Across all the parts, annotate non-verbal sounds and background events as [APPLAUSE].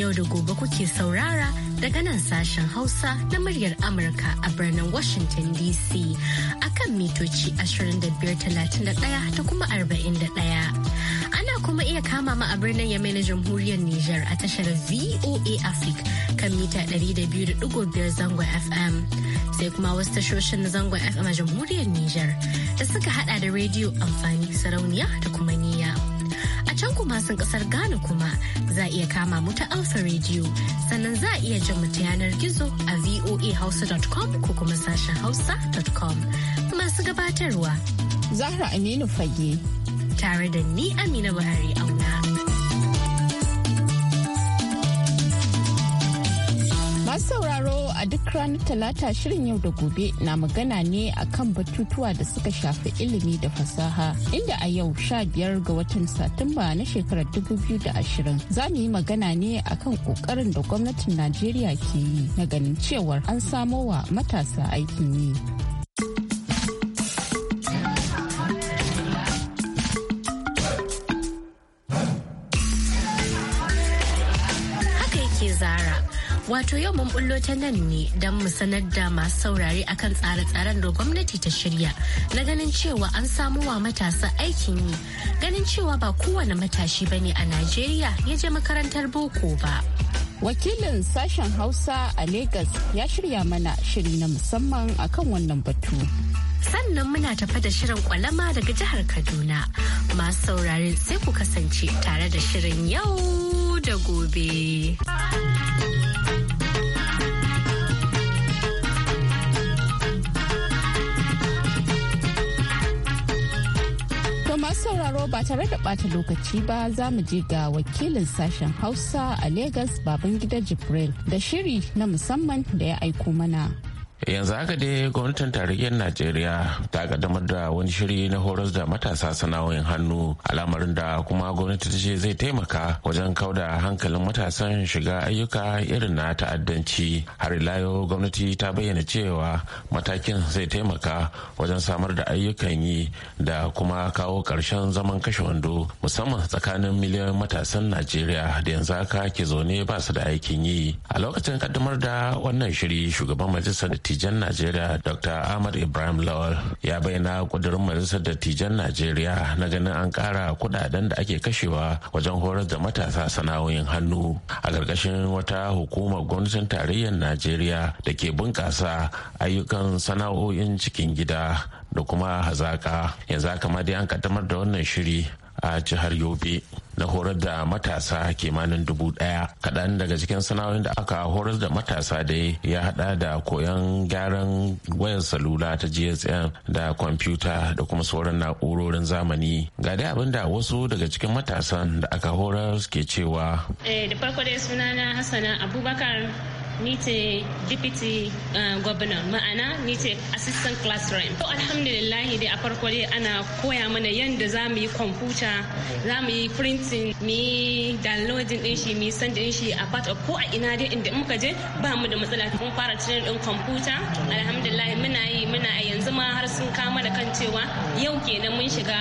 yau da gobe kuke saurara daga nan sashen Hausa na muryar Amurka a birnin Washington DC kan mitoci 2531 da kuma 41. Ana kuma iya kama ma a birnin Yamai na Jamhuriyar Nijar a tashar VOA Africa kan mita 200.5 zangon FM. Sai kuma wasu tashoshin na zangon FM a Jamhuriyar Nijar da suka hada da rediyo amfani sarauniya da kuma niyya. A can kuma sun kasar Ghana kuma za a iya kama mu ta Alpha Radio sannan za a iya jin mu ta yanar gizo a voahausa.com ko kuma sashen hausa.com. Masu gabatarwa. Zahra Aminu Fage. Tare da ni Amina Buhari Auna. Masu sauraro a duk ranar talata shirin yau da gobe na magana ne akan batutuwa da suka shafi ilimi da fasaha inda a yau sha biyar ga watan satumba na shekarar dubu biyu da ashirin za mu yi magana ne akan kokarin da gwamnatin Najeriya ke yi na ganin cewar an samo wa matasa aikin yi. Wato yau mun bullo ta nan ne don mu sanar da masu saurare akan tsare-tsaren da gwamnati ta shirya na ganin cewa an samu wa matasa aikin yi. Ganin cewa ba kowane matashi ne a Najeriya ya je makarantar boko ba. Wakilin sashen Hausa a Legas ya shirya mana shiri na musamman akan wannan batu. sannan muna tafa da shirin kwalama daga jihar Kaduna. Masu saurare sai ku kasance tare da shirin yau da gobe. sauraro ba tare da ɓata lokaci ba za mu je ga wakilin sashen Hausa a Legas Babangida Jibril da shiri na musamman da ya aiko mana. yanzu haka dai gwamnatin tarayyar najeriya ta kaddamar da wani shiri na horas da matasa sana'o'in hannu al'amarin da kuma gwamnati ta ce zai taimaka wajen kau da hankalin matasan shiga ayyuka irin na ta'addanci har ila gwamnati ta bayyana cewa matakin zai taimaka wajen samar da ayyukan yi da kuma kawo karshen zaman kashe wando musamman tsakanin miliyoyin matasan najeriya da yanzu haka ke zaune ba su da aikin yi a lokacin kaddamar da wannan shiri shugaban majalisar dattijan najeriya dr ahmad ibrahim lawal ya bayyana kudurin majalisar dattijan najeriya na ganin an kara kudaden da ake kashewa wajen horar da matasa sana'o'in hannu a ƙarƙashin wata hukumar gwamnatin tarayyar najeriya da ke bunƙasa ayyukan sana'o'in cikin gida da kuma hazaƙa yanzu haka dai an kaddamar da wannan shiri a jihar yobe na horar da matasa kimanin dubu daya kaɗan daga cikin sana'o'in da aka horar da matasa dai ya haɗa da koyon gyaran wayar salula ta gsm da kwamfuta da kuma sauran na'urorin zamani ga dai abin da wasu daga cikin matasan da aka horar ke cewa eh, da farko dai sunana hassana abubakar ni ce deputy eh, governor ma'ana ni ce assistant classroom to alhamdulillahi dai a farko dai ana koya mana yadda za mu yi kwamfuta za mu yi printing mu yi downloading din shi mu yi send din shi a part of ko a ina dai inda muka je ba mu da matsala mun fara training din kwamfuta alhamdulillahi muna yi muna yanzu ma har sun kama da kan cewa yau kenan mun shiga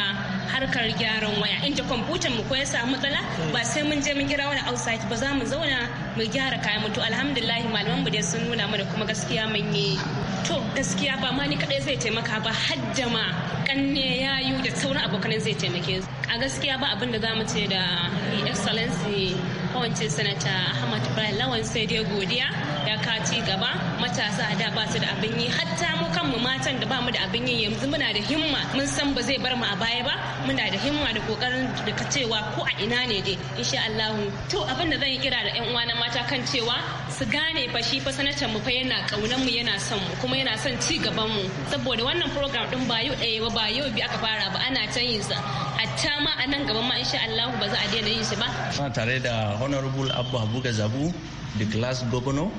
harkar gyaran waya inda kwamfutan mu ko ya samu matsala ba sai mun je mun kira wani outside ba za mu zauna mu gyara kayan mutu alhamdulillah malaman mu dai sun nuna mana kuma gaskiya mun yi to gaskiya ba ma ni kadai zai taimaka ba har jama kanne yayu da sauran abokan zai taimake su a gaskiya ba abin da zamu ce da excellency kawance sanata ahmad ibrahim lawan sai dai godiya ya ka ci gaba matasa da ba su da abin yi hatta mu kanmu matan da ba mu da abin yi yanzu muna da himma mun san ba zai bar mu a baya ba muna da himma da kokarin da ka cewa ko a ina ne dai insha Allah to abin da zan yi kira da yan uwa na mata kan cewa su gane fa shi fa sanatar mu fa yana kaunan mu yana son mu kuma yana son ci gaban mu saboda wannan program din ba yau ɗaya ba ba yau bi aka fara ba ana can yin sa hatta ma a nan gaban ma insha Allah ba za a daina yin shi ba. tare da honorable Abba Buga Zabu the class governor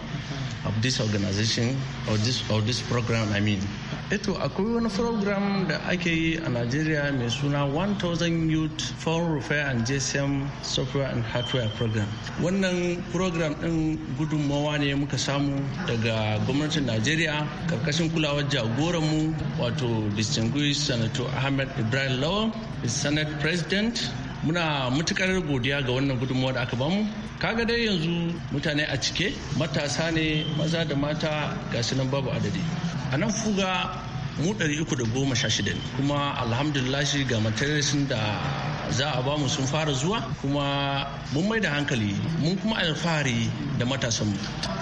of this organization or this or this program I mean. Eto akwai wani program da ake yi a Najeriya mai suna 1000 Youth for Repair and GSM Software and Hardware Program. Wannan program din gudunmawa ne muka samu daga gwamnatin Najeriya karkashin kulawar jagoranmu wato distinguished Senator Ahmed Ibrahim Lawal, the Senate President muna matukar godiya ga wannan gudunmawa da aka bamu kaga dai yanzu mutane a cike matasa ne maza da mata ga nan babu adadi a nan fuga mu uku da goma shida ne kuma alhamdulillah ga matarisin da za a bamu sun fara zuwa kuma mun mai da hankali mun kuma alfahari da matasanmu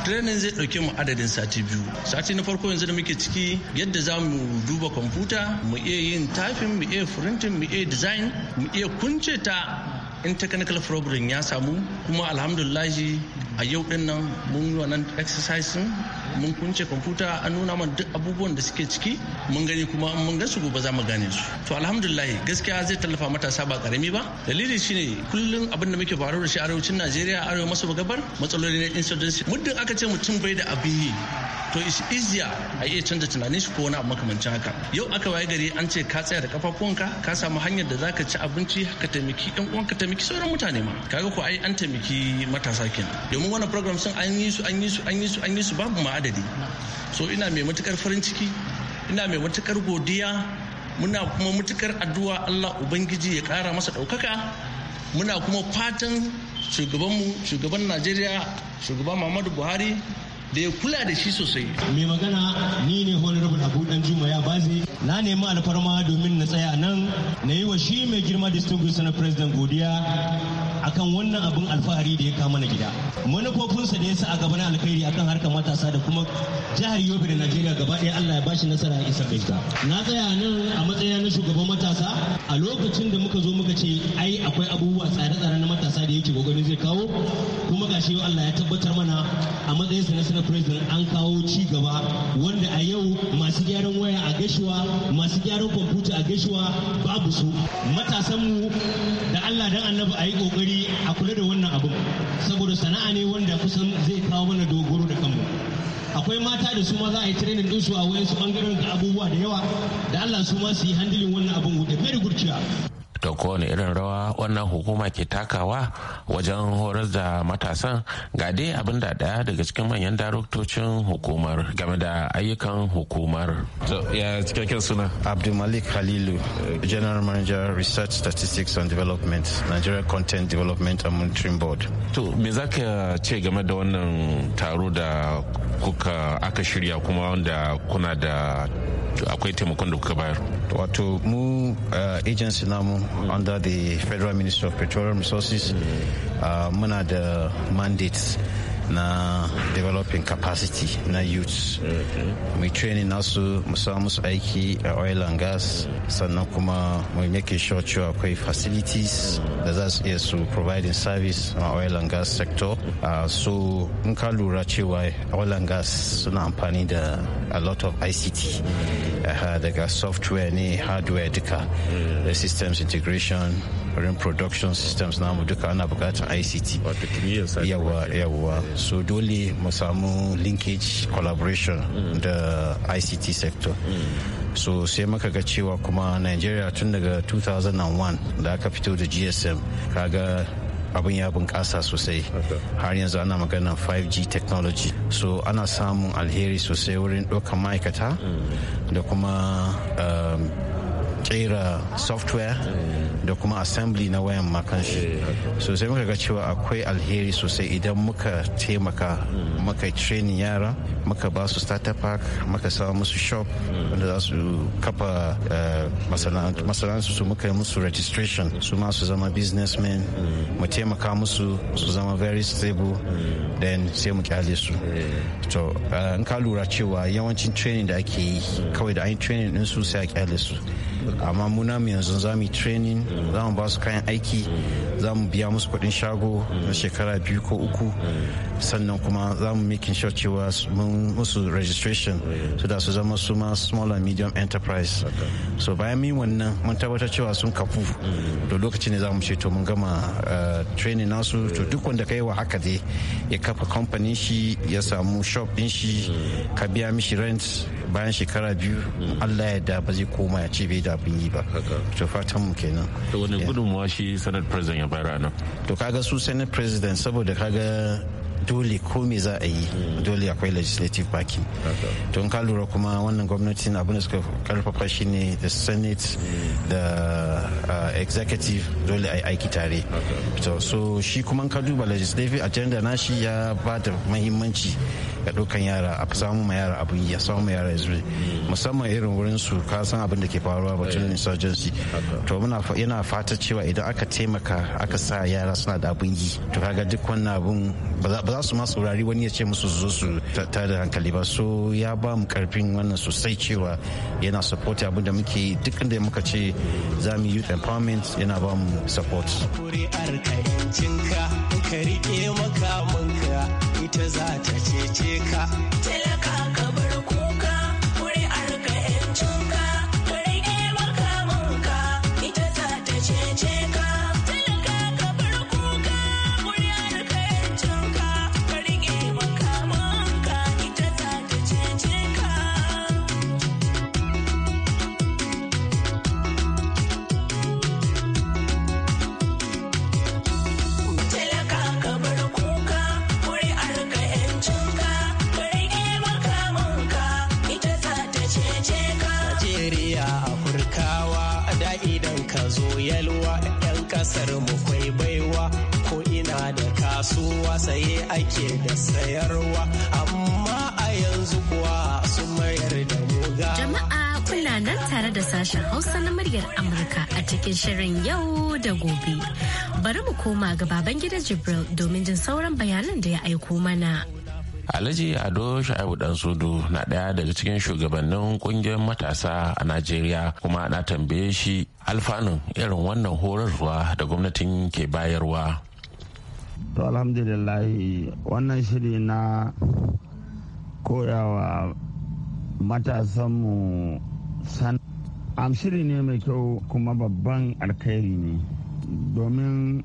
training zai ɗauke mu adadin sati biyu sati na farko yanzu da muke ciki yadda za mu duba kwamfuta mu iya yin tafin mu iya printing mu iya design mu iya kunce ta in technical problem ya samu kuma alhamdulilahi a yau din nan mun yi wannan exercise mun kunce kwamfuta an nuna mana duk abubuwan da suke ciki mun gani kuma mun ga su gobe za mu gane su to alhamdulillah gaskiya zai tallafa matasa ba karami ba dalili shine kullum abin da muke faru da shi arewacin Najeriya arewa maso gabar matsaloli na insurgency muddin aka ce mutum bai da abin yi to is easier a iya canza tunanin shi ko wani abu makamancin haka yau aka waye gari an ce ka tsaya da kafafuwanka ka samu hanyar da zaka ci abinci ka taimaki yan uwanka taimaki sauran mutane ma kaga ko ai an taimaki matasa kenan domin wannan program sun an yi su an yi su an yi su an yi su babu ma'ada adadi so ina mai matukar farin ciki ina mai matukar godiya muna kuma matukar addu'a allah ubangiji ya kara masa ɗaukaka muna kuma fatan shugabanmu shugaban najeriya shugaban muhammadu buhari da ya kula da shi sosai. Mai magana ni ne Honorable Abu Dan Juma ya bazi na nemi alfarma domin na tsaya nan na yi wa shi mai girma distinguished na president godiya akan wannan abin alfahari da ya kama mana gida manufofinsa da ya sa a gaba na alkhairi akan harkar matasa da kuma jihar yobe da najeriya gaba ɗaya allah ya bashi nasara a isar da na tsaya nan a matsaya na shugaban matasa a lokacin da muka zo muka ce ai akwai abubuwa tsare-tsare na matasa da yake gogoni zai kawo kuma gashi yau allah ya tabbatar mana a matsayin sa na sanar president an kawo ci gaba wanda a yau masu gyaran waya a gashuwa masu gyaran kwamfuta a gashuwa babu su matasanmu da allah dan annabi a yi kokari kokari a kula da wannan abin saboda sana'a ne wanda kusan zai kawo mana dogoro da kanmu akwai mata da su ma za a yi training din su a wayansu bangaren abubuwa da yawa da Allah su ma su yi handling wannan abin da very to kowane irin rawa wannan hukuma ke takawa wajen horar da matasan ga dai abin da daya daga cikin manyan daraktocin hukumar game da ayyukan hukumar ya cikakken suna abdulmalik halilu general manager research statistics and development nigeria content development and monitoring board to me za ka ce game da wannan taro da kuka aka shirya kuma wanda kuna da akwai taimakon da kuka bayar wato mu eh, agency namu mm. under the Federal Ministry of Petroleum Resources. Mm. Uh, the mandates na developing capacity na youth mhm. mu training nasu mu sa musu aiki a oil and gas sannan kuma mu make sure cewa akwai facilities da za su iya su providing service a oil and gas sector ah, so in ka lura cewa oil and gas suna amfani da a lot of ict daga software ne hardware duka da mm. systems integration wurin production systems namu duka ana bukatar ict yawa yawa so dole mu samu linkage collaboration mm. da ict sector mm. so sai muka ga cewa kuma nigeria tun daga 2001 da aka fito da gsm kaga abin ya bunƙasa sosai har yanzu ana magana 5g technology so ana samun alheri sosai wurin ɗaukar ma'aikata mm. da kuma um, kera software da kuma assembly na wayan makanshi so sai muka ga cewa akwai alheri sosai idan muka taimaka muka training yara muka ba su startup park muka sa musu shop wanda za su kafa eh, masana'antu su muka yi musu registration su ma su zama businessmen mu taimaka musu su zama very stable then sai mu kyale su to eh, in ka lura cewa yawancin training da ake yi kawai da ayin training din su sai a kyale su amma muna yanzu za mu training za mu ba su kayan aiki za mu biya musu kudin shago na shekara biyu ko uku sannan kuma za mu making sure cewa mun musu registration su da su zama su ma small and medium enterprise so bayan min wannan mun tabbatar cewa sun kafu to lokacin ne za mu ce to mun gama eh, training nasu to duk wanda ka yi wa haka dai ya kafa kamfanin shi ya samu shop din shi ka biya mishi rent bayan shekara biyu allah ya da ba zai koma ya ce bai da abin yi ba to fatan mu kenan to wani gudunmuwa shi senate president ya bayar nan to kaga su senate president saboda kaga dole ko me za a yi hmm. dole akwai legislative backing to ka lura kuma wannan gwamnatin abin da suka karfafa ne da senate da hmm. uh, executive dole a yi aiki tare so shi kuma ka duba legislative agenda na shi ya ba da mahimmanci ga dukkan yara a samu ma yara abin ya samu ma yara izuri musamman irin wurin su ka san abin da ke faruwa batun eh. insurgency to muna yana fata cewa idan aka taimaka aka sa yara suna da abin yi to kaga duk wannan abin ba za su ma saurari wani ya ce musu zo su ta da hankali ba so ya ba mu karfin wannan sosai cewa yana support abin da muke duk inda muka ce za mu youth empowerment yana ba mu support. Kuri'ar cinka, ka riƙe makamanka. ita za ta cece ka. cikin shirin yau da gobe. Bari mu koma ga baban gida Jibril domin jin sauran bayanan da ya aiko mana. Alhaji Ado Sha'ibu Dan Sudu na ɗaya daga cikin shugabannin kungiyar matasa a Najeriya kuma na tambaye shi alfanun irin wannan horarwa da gwamnatin ke bayarwa. To alhamdulillah wannan shiri na koyawa matasanmu san amshiri ne mai kyau kuma babban alkhairi ne domin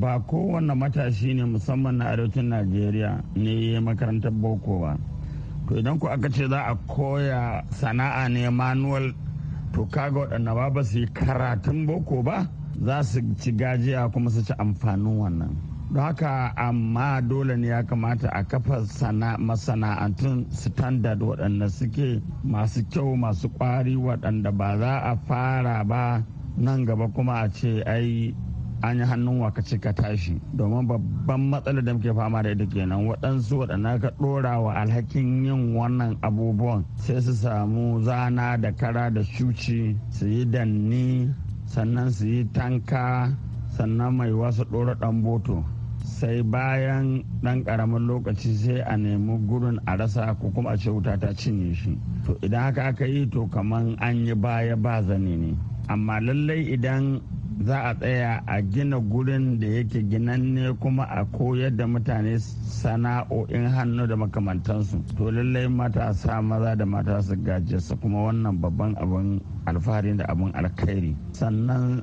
ba kowane matashi ne musamman na arewacin najeriya ne ya makarantar boko ba to idan ku aka ce za a koya sana'a ne manual to kaga waɗanda ba ba su yi karatun boko ba za su ci gajiya kuma su ci amfanin wannan don haka amma dole ne ya kamata a kafa masana'antun standard waɗanda suke masu kyau masu ƙwari waɗanda ba za a fara ba nan gaba kuma a ce ai an yi hannun waka ce ka tashi domin babban matsalar da muke fama da ita kenan waɗansu waɗanda ka ɗora wa alhakin yin wannan abubuwan sai su samu zana da kara da shuci su yi danni sannan su yi tanka sannan mai wasu ɗora ɗan boto sai bayan ɗan ƙaramin lokaci sai a nemi gurin a rasa ko kuma a ce wuta ta cinye shi to idan haka aka yi to kaman an yi baya ba zane ne amma lallai idan za a tsaya a gina gurin da yake ginanne kuma a koyar da mutane sana'o'in hannu da makamantansu to lallai matasa maza da mata su gajiyarsa kuma wannan babban abin alfahari da abin alkhairi sannan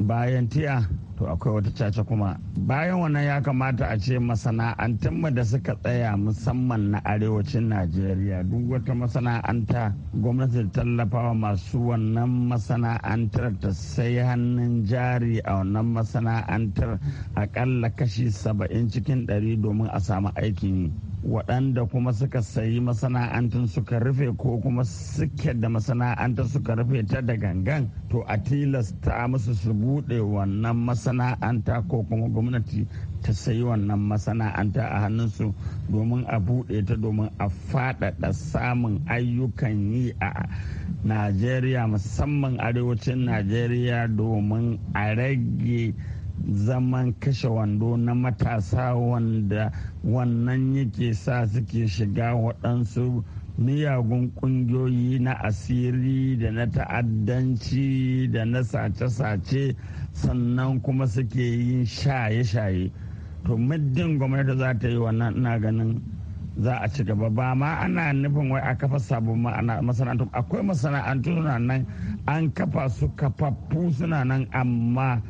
bayan tiya to akwai wata caca kuma bayan wannan ya kamata a ce masana'antun da suka tsaya musamman na arewacin najeriya duk wata masana'anta gwamnati tallafawa masu wannan masana'antar ta sai hannun jari a wannan masana'antar akalla kashi saba'in cikin ɗari domin a samu aikin yi waɗanda kuma suka sayi masana'antun suka rufe ko kuma suke da masana'antar suka rufe ta da gangan to a tilasta musu su buɗe wannan masana'antar masana'anta ko kuma gwamnati ta sayi wannan masana'anta a hannunsu domin a buɗe ta domin a faɗaɗa samun ayyukan yi a najeriya musamman arewacin najeriya domin a rage zaman kashe wando na matasa wanda wannan yake sa suke shiga waɗansu miyagun ƙungiyoyi na asiri da na ta'addanci da na sace-sace sannan kuma suke yin shaye-shaye to muddin gwamnati za ta yi wannan ina ganin za a ci gaba ba ma ana nufin wai a kafa sabon masana'antu akwai masana'antu suna nan an kafa su kafaffu suna nan amma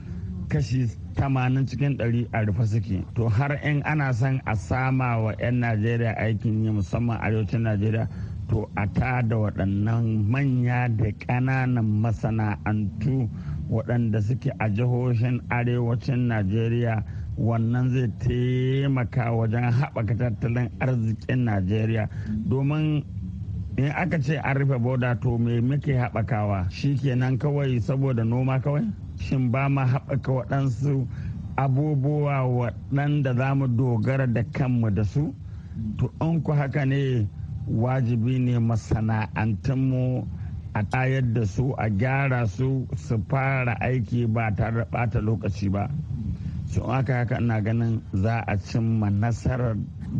kashi tamanin cikin ɗari a rufe suke to har in ana son a sama wa 'yan najeriya aikin yi musamman arewacin najeriya to a ta da waɗannan manya da ƙananan masana'antu waɗanda suke a jihohin arewacin najeriya wannan zai taimaka wajen haɓaka tattalin arzikin najeriya domin in aka ce an rufe boda to me muke haɓakawa shi kenan kawai saboda noma kawai shin ba ma haɓaka waɗansu abubuwa waɗanda za mu dogara da kanmu da su to in ku haka ne wajibi ne masana'antunmu a tayar da su a gyara su su fara aiki ba tare bata lokaci ba su haka haka ina ganin za a cimma nasarar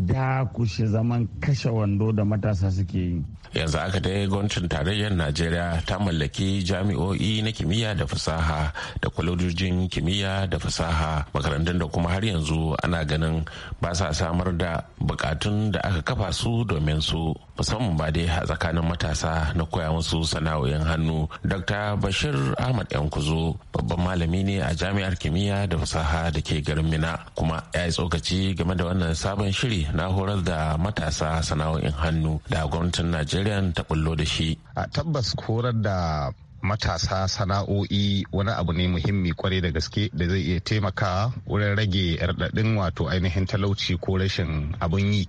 dakushe zaman kashe wando da matasa suke yi yanzu aka dai gwamnatin tarayyar najeriya ta mallaki jami'o'i na kimiyya da fasaha da kwalojin kimiyya da fasaha makarantun da kuma har yanzu ana ganin ba sa samar da bukatun da aka kafa su domin su musamman ba dai a tsakanin matasa na koya musu sana'o'in hannu dr bashir ahmad yankuzo babban malami ne a jami'ar kimiyya da fasaha da ke garin mina kuma ya yi tsokaci game da wannan sabon shiri na horar da matasa sana'o'in hannu da gwamnatin najeriya Najeriya ta bullo da shi. A tabbas korar da matasa sana'o'i wani abu ne muhimmi kwarai da gaske da zai iya taimaka wurin rage raɗaɗin wato ainihin talauci ko rashin abin yi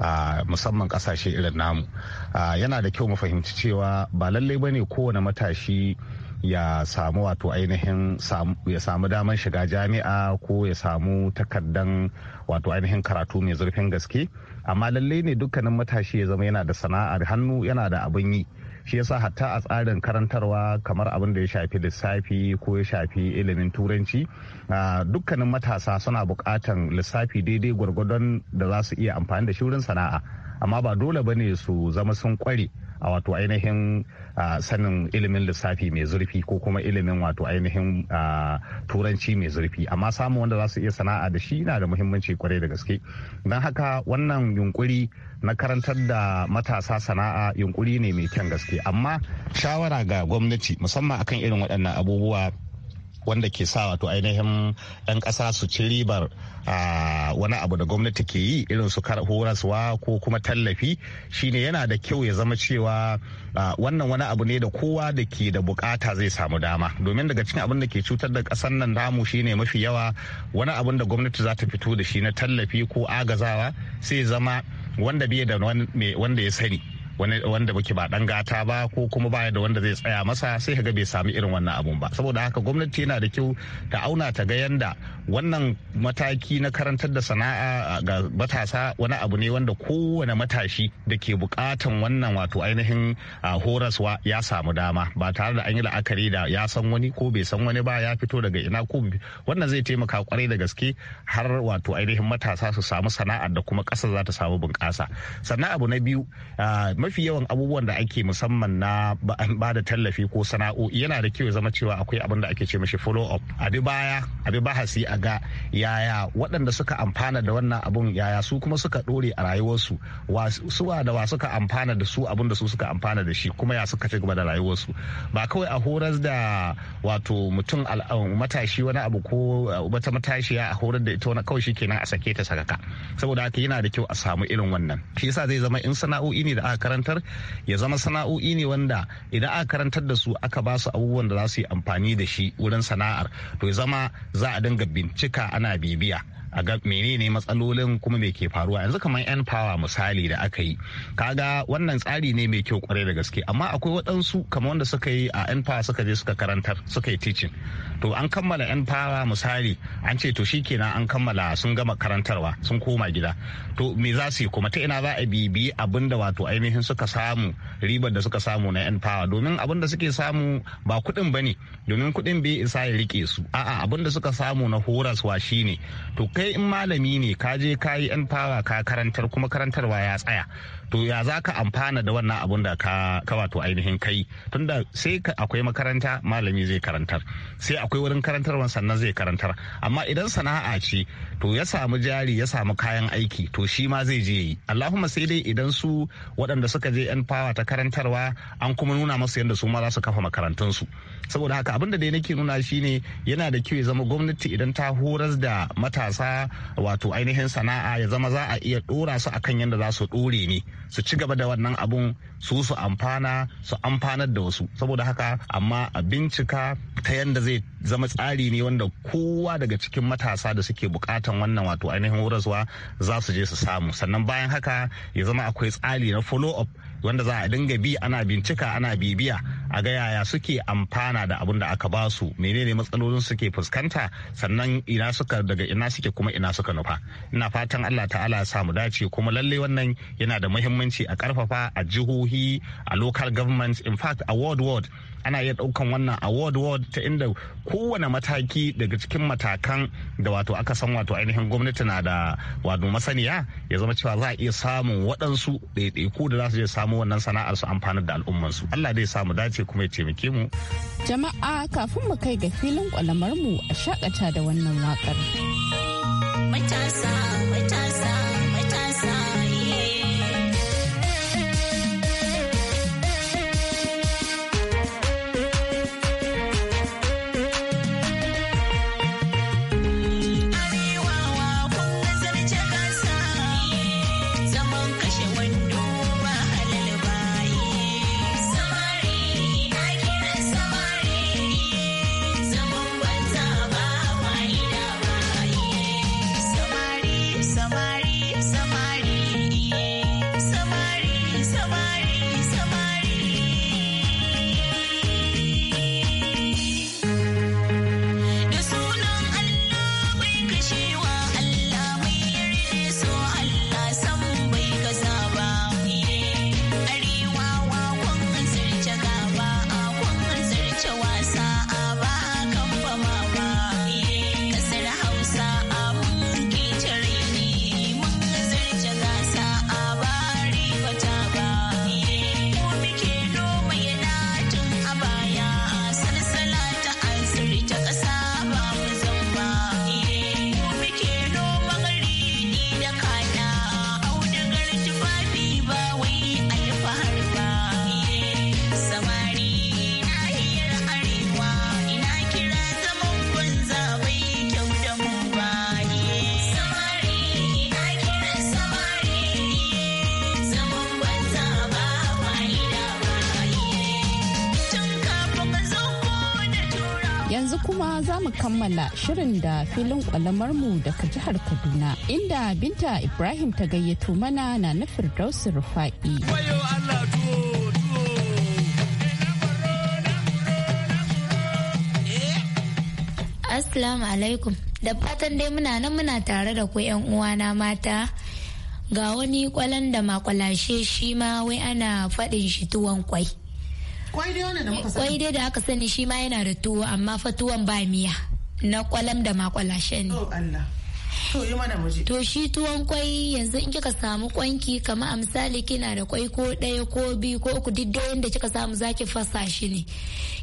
a musamman kasashe irin namu yana da kyau mu fahimci cewa ba lallai bane kowane matashi ya samu wato ainihin ya samu damar shiga jami'a ko ya samu takardan wato ainihin karatu mai zurfin gaske amma lallai ne dukkanin matashi ya zama yana da sana'ar hannu yana da abin yi shi yasa hatta a tsarin karantarwa kamar abin da ya shafi lissafi ko ya shafi ilimin turanci dukkanin matasa suna bukatan lissafi daidai gwargwadon da za su iya amfani da shi wurin sana'a amma ba dole ba ne su zama sun kware a wato ainihin sanin ilimin lissafi mai zurfi ko kuma ilimin wato ainihin turanci mai zurfi amma samun wanda za su iya sana'a da shi na da muhimmanci kwarai da gaske don haka wannan yunkuri na karantar da matasa sana'a yunkuri ne mai kyan gaske amma shawara ga gwamnati musamman akan irin waɗannan abubuwa wanda ke sa wato ainihin 'yan ƙasa su ci ribar wani abu da gwamnati ke yi irin su horaswa ko kuma tallafi shine yana da kyau ya zama cewa wannan wani abu ne da kowa da ke da bukata zai samu dama domin daga cikin abin da ke cutar da ƙasar nan namu shine mafi yawa wani abin da gwamnati za ta fito da shi na tallafi ko agazawa sai zama wanda bai da wanda ya sani wanda baki ba dan gata ba ko kuma baya da wanda zai tsaya masa sai ka bai sami irin wannan abun ba saboda haka gwamnati yana da kyau ta auna ta ga yanda wannan mataki na karantar da sana'a ga matasa wani abu ne wanda kowane matashi da ke bukatan wannan wato ainihin horaswa ya samu dama ba tare da an yi la'akari da ya san wani ko bai san wani ba ya fito daga ina ko wannan zai taimaka kwarai da gaske har wato ainihin matasa su samu sana'ar da kuma ƙasa za ta samu bunƙasa sannan abu na biyu mafi yawan abubuwan da ake musamman na ba [LAUGHS] da tallafi ko sana'o'i yana da kyau zama cewa akwai abin da ake ce mishi follow up abi baya abi bahasi a ga yaya waɗanda suka amfana da wannan abun yaya su kuma suka ɗore a rayuwarsu wa da wa suka amfana da su abin da su suka amfana da shi kuma ya suka ci gaba da rayuwarsu ba kawai a horar da wato mutum um, matashi wani abu ko uh, wata matashiya a horar da ita wani kawai shikenan a sake ta sakaka saboda haka yana da kyau a samu irin wannan shi yasa zai zama in sana'o'i ne da aka karantar ya zama sana'o'i ne wanda idan aka karantar da su aka ba su abubuwan da za su yi amfani da shi wurin sana'ar to ya zama za a dinga bincika ana bibiya a ga menene matsalolin kuma me ke faruwa yanzu kamar yan power misali da aka yi kaga wannan tsari ne mai kyau kwarai da gaske amma akwai waɗansu kamar wanda suka yi a yan power suka je suka karantar suka yi teaching to an kammala yan power misali an ce to shikenan an kammala sun gama karantarwa sun koma gida to me za su yi kuma ta ina za a bibi abin da wato ainihin suka samu ribar da suka samu na yan power domin abin da suke samu ba kuɗin ba ne domin kuɗin bai isa ya rike su a'a abin da suka samu na horaswa shine to sai in malami ne ka je ka yi yan fawa ka karantar kuma karantarwa ya tsaya to ya za ka amfana da wannan abun da ka wato ainihin kai tunda sai akwai makaranta malami zai karantar sai akwai wurin karantarwa sannan zai karantar amma idan sana'a ce to ya samu jari ya samu kayan aiki to shi ma zai je yi allahumma sai dai idan su waɗanda suka je yan fawa ta karantarwa an kuma nuna masu yadda su ma za su kafa makarantunsu saboda haka abin da dai nake nuna shine yana da kyau ya zama gwamnati idan ta horas da matasa wato ainihin sana'a ya zama za a iya ɗora su akan yadda za su ɗore ne su ci gaba da wannan abun su su amfana su amfanar da wasu saboda haka amma a bincika ta yadda zai zama tsari ne wanda kowa daga cikin matasa da suke bukatan wannan wato ainihin horaswa za su je su samu sannan bayan haka ya zama akwai tsari na follow up wanda za a dinga bi ana bincika ana bibiya a ga yaya suke amfana da abin da aka ba su menene matsalolin suke fuskanta sannan ina suka daga ina suke kuma ina suka nufa ina fatan Allah ta'ala ya samu dace kuma lalle wannan yana da muhimmanci a karfafa a jihohi a local government in fact a world world ana iya daukan wannan award award ta inda kowane mataki daga cikin matakan da wato aka san wato ainihin gwamnati na da wato masaniya ya zama cewa za a iya samun waɗansu ɗaiɗaiku da za su je samu wannan sana'ar su amfanar da al'ummansu Allah dai samu dace kuma ya taimake mu jama'a kafin mu kai ga filin kwalamar mu a shakata da wannan wakar matasa matasa kuma za mu kammala shirin da filin mu daga jihar Kaduna inda Binta Ibrahim ta gayyato mana na na Firdausi Rufa'i. Assalamu alaikum da fatan dai muna nan muna tare da ku uwana mata ga wani kwalan da makwalashe shi ma wai ana faɗin shi tuwon kwai. Kwai dai da aka sani shi ma yana da tuwo amma fa tuwon ba miya. Na kwalam da makwalashe ne. Oh, to shi tuwon kwai yanzu in kika samu kwanki kamar a misali kina da kwai ko ɗaya ko biyu ko uku duk da kika samu zaki fasa shi ne.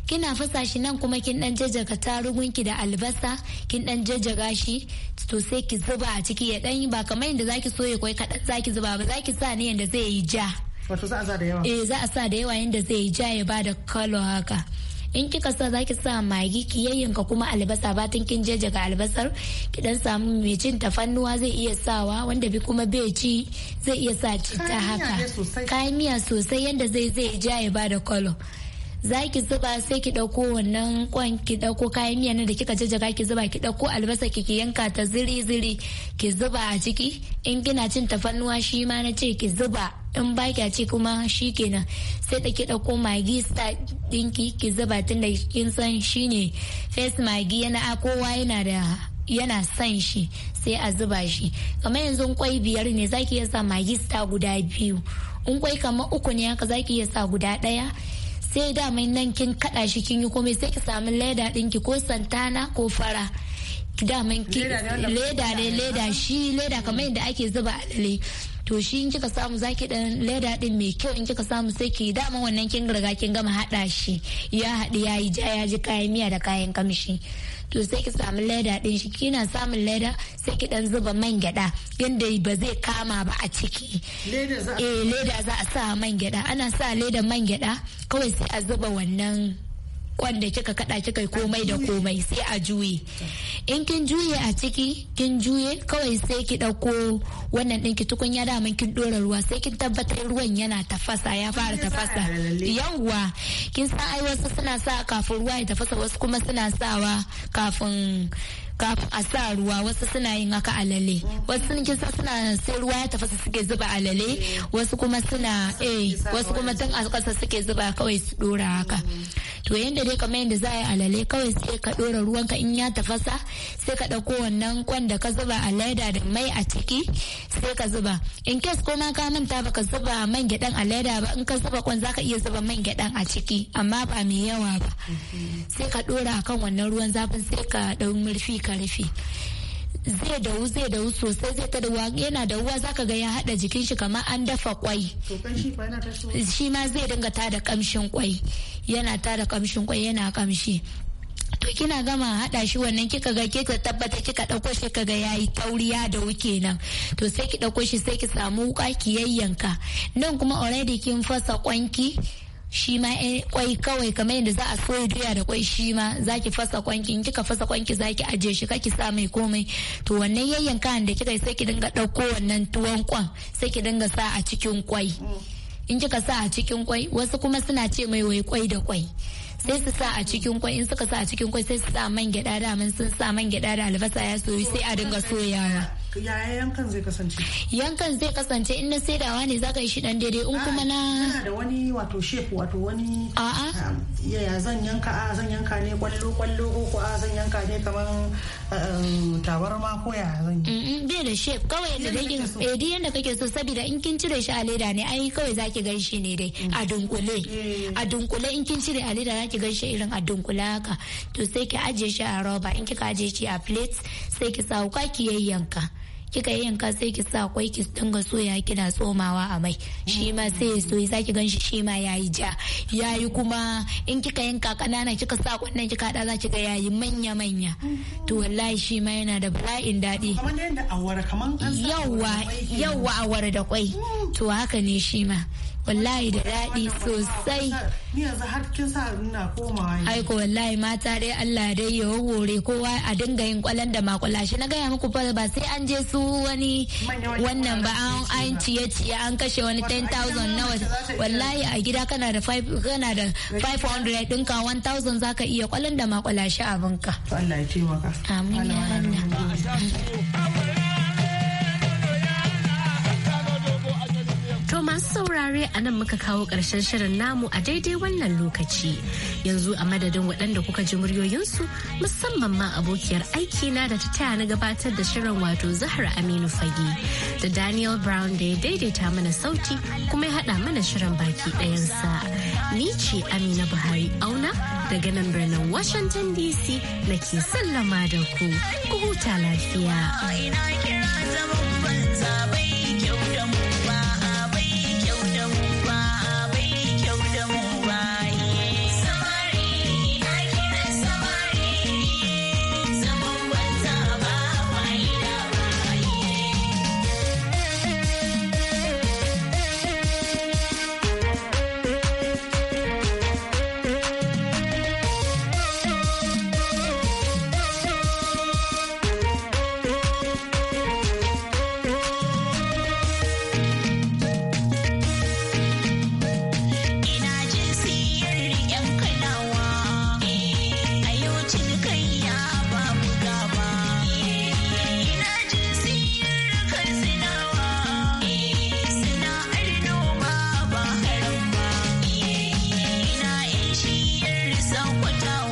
Kina fasa shi nan kuma kin dan jajjaga tarugunki da albasa kin dan jajjaga shi to sai ki zuba a ciki ya dan ba kamar yanda zaki soya kwai kaɗan zaki zuba ba zaki sa ne yanda zai yi ja. wato za a sa da yawa eh da yanda zai ja ya bada kalo haka in kika sa zaki sa magi ki yayyanka kuma albasa batun kin jajjaga albasar ki dan samu mai cin tafannuwa zai iya sawa wanda bi kuma bai ci zai iya sa ta haka kayan miya sosai yadda zai zai ja ya bada kalo zaki zuba sai ki ɗauko wannan kwan ki ɗauko kayan miya nan da kika jajjaga ki zuba ki ɗauko albasa ki yanka ta ziri ziri ki zuba a ciki in kina cin tafarnuwa shi ma na ce ki zuba in ba ki ci kuma shi kenan sai da ki ɗauko magi sta ɗinki ki zuba tun kin san shine face magi yana a kowa yana da yana san shi sai a zuba shi kamar yanzu kwai biyar ne zaki iya sa magi guda biyu in kwai kamar uku ne haka zaki iya sa guda ɗaya sai dama nan kin kada shi kin yi komai sai ki samu leda dinki ko santana ko fara leda ne leda shi leda kamar yadda ake zuba alale to shi in kika samu zaki dan leda din mai kyau in kika samu sai ki dama wannan kin riga kin gama hada shi ya haɗu yayi ja ya ji kayan miya da kayan kamshi to sai ki samu leda din shi kina samun leda sai ki dan zuba man gyada yanda ba zai kama ba a ciki eh leda za a sa man gyada ana sa leda man gyada kawai sai a zuba wannan wanda kika kada kika komai da komai sai a juye in kin juye a ciki kin juye kawai sai ki dauko wannan ɗinki tukunya daman kin dora ruwa sai kin tabbatar ruwan yana tafasa ya fara tafasa yawwa kin sa ai wasu suna sa kafin ruwa ya tafasa wasu kuma suna sawa kafin kafin a sa ruwa wasu suna yin haka alale wasu sun kisa suna sai ruwa ya tafasa suke zuba alale wasu kuma suna eh wasu kuma tun a kasa suke zuba kawai su dora haka to yanda dai kamar yanda za a yi alale kawai sai ka dora ka in ya tafasa sai ka ɗauko wannan kwan da ka zuba a leda da mai a ciki sai ka zuba in kes ko ma ka manta baka zuba man gyaɗan a leda ba in ka zuba kwan zaka iya zuba man gyaɗan a ciki amma ba mai yawa ba sai ka dora akan wannan ruwan zafin sai ka ɗau murfi karfi zai dawu zai dawu sosai zai ta dawa yana dawuwa zaka ga ya hada jikin shi kamar an dafa kwai shi ma zai dinga tada kamshin kwai yana tada kamshin kwai yana kamshi to kina gama hada shi wannan kika ga kika tabbata kika dauko shi kaga yayi tauriya da wuke nan to sai ki dauko shi sai ki samu wuka ki yayyanka nan kuma already kin fasa kwanki shi ma eh, kwai kawai kamar yadda za a soya doya da kwai shi ma ki fasa kwanki in kika fasa kwanki ki ajiye shi kaki sa mai komai to wannan yayyankan da kika sai ki dinga ɗauko wannan tuwon kwan sai ki dinga sa a cikin kwai in kika sa a cikin kwai wasu kuma suna ce mai wai kwai da kwai sai su sa a cikin kwai in suka sa a cikin kwai sai su sa man gyada da sun sa man gyada da albasa ya soyu sai a dinga soyawa yaya yankan zai kasance yankan zai kasance in na saidawa ne zaka yi shi dan daidai in ah, kuma na yana da wani wato shape wato wani a'a yaya ah, zan yanka a ah, zan yanka ne kwallo kwallo ko ko a zan yanka ne kaman um, tabarma ko ya zan yi bai da shape kawai da dai eh di yanda kake so saboda in kin cire shi a leda ne ai kawai zaki gan shi ne dai mm. a dunkule eh. a dunkule in kin cire a leda zaki gan shi irin a dunkula haka to sai ki ajiye shi a roba in kika ajiye shi a plate sai ki sauka ki yayyanka kika yi yanka sai ki sa kwai ki dinga soya kina tsomawa a mai shi ma sai so za zaki ganshi shi ma yayi ja yayi kuma in kika yanka kanana kika sa kwannan kika da za ki ga yayi manya manya to wallahi shi ma yana da bala'in daɗi yawwa yawwa awara da kwai to haka ne shi ma wallahi da daɗi sosai yanzu har kin sa ina komawa ko wallahi mata dai Allah dai ya hore kowa a dinga yin kwalan da makwalashi na gaya muku fara ba sai an je su wani wannan ba an an ciye ciye an kashe wani 10000 nawa wallahi a gida kana da 5 kana da 500 dinka 1000 zaka iya kwalan da makwalashi abinka Allah ya taimaka amin ya Allah To masu saurare a nan muka kawo ƙarshen shirin namu a daidai wannan lokaci. Yanzu a madadin waɗanda kuka ji muryoyinsu musamman ma abokiyar aiki na da ta taya na gabatar da shirin wato zahar Aminu Fage da Daniel Brown da ya daidaita mana sauti kuma ya haɗa mana shirin baki ɗayansa. Ni ce Amina Buhari Auna daga nan birnin Washington DC na ke sallama da ku. Ku huta lafiya. down.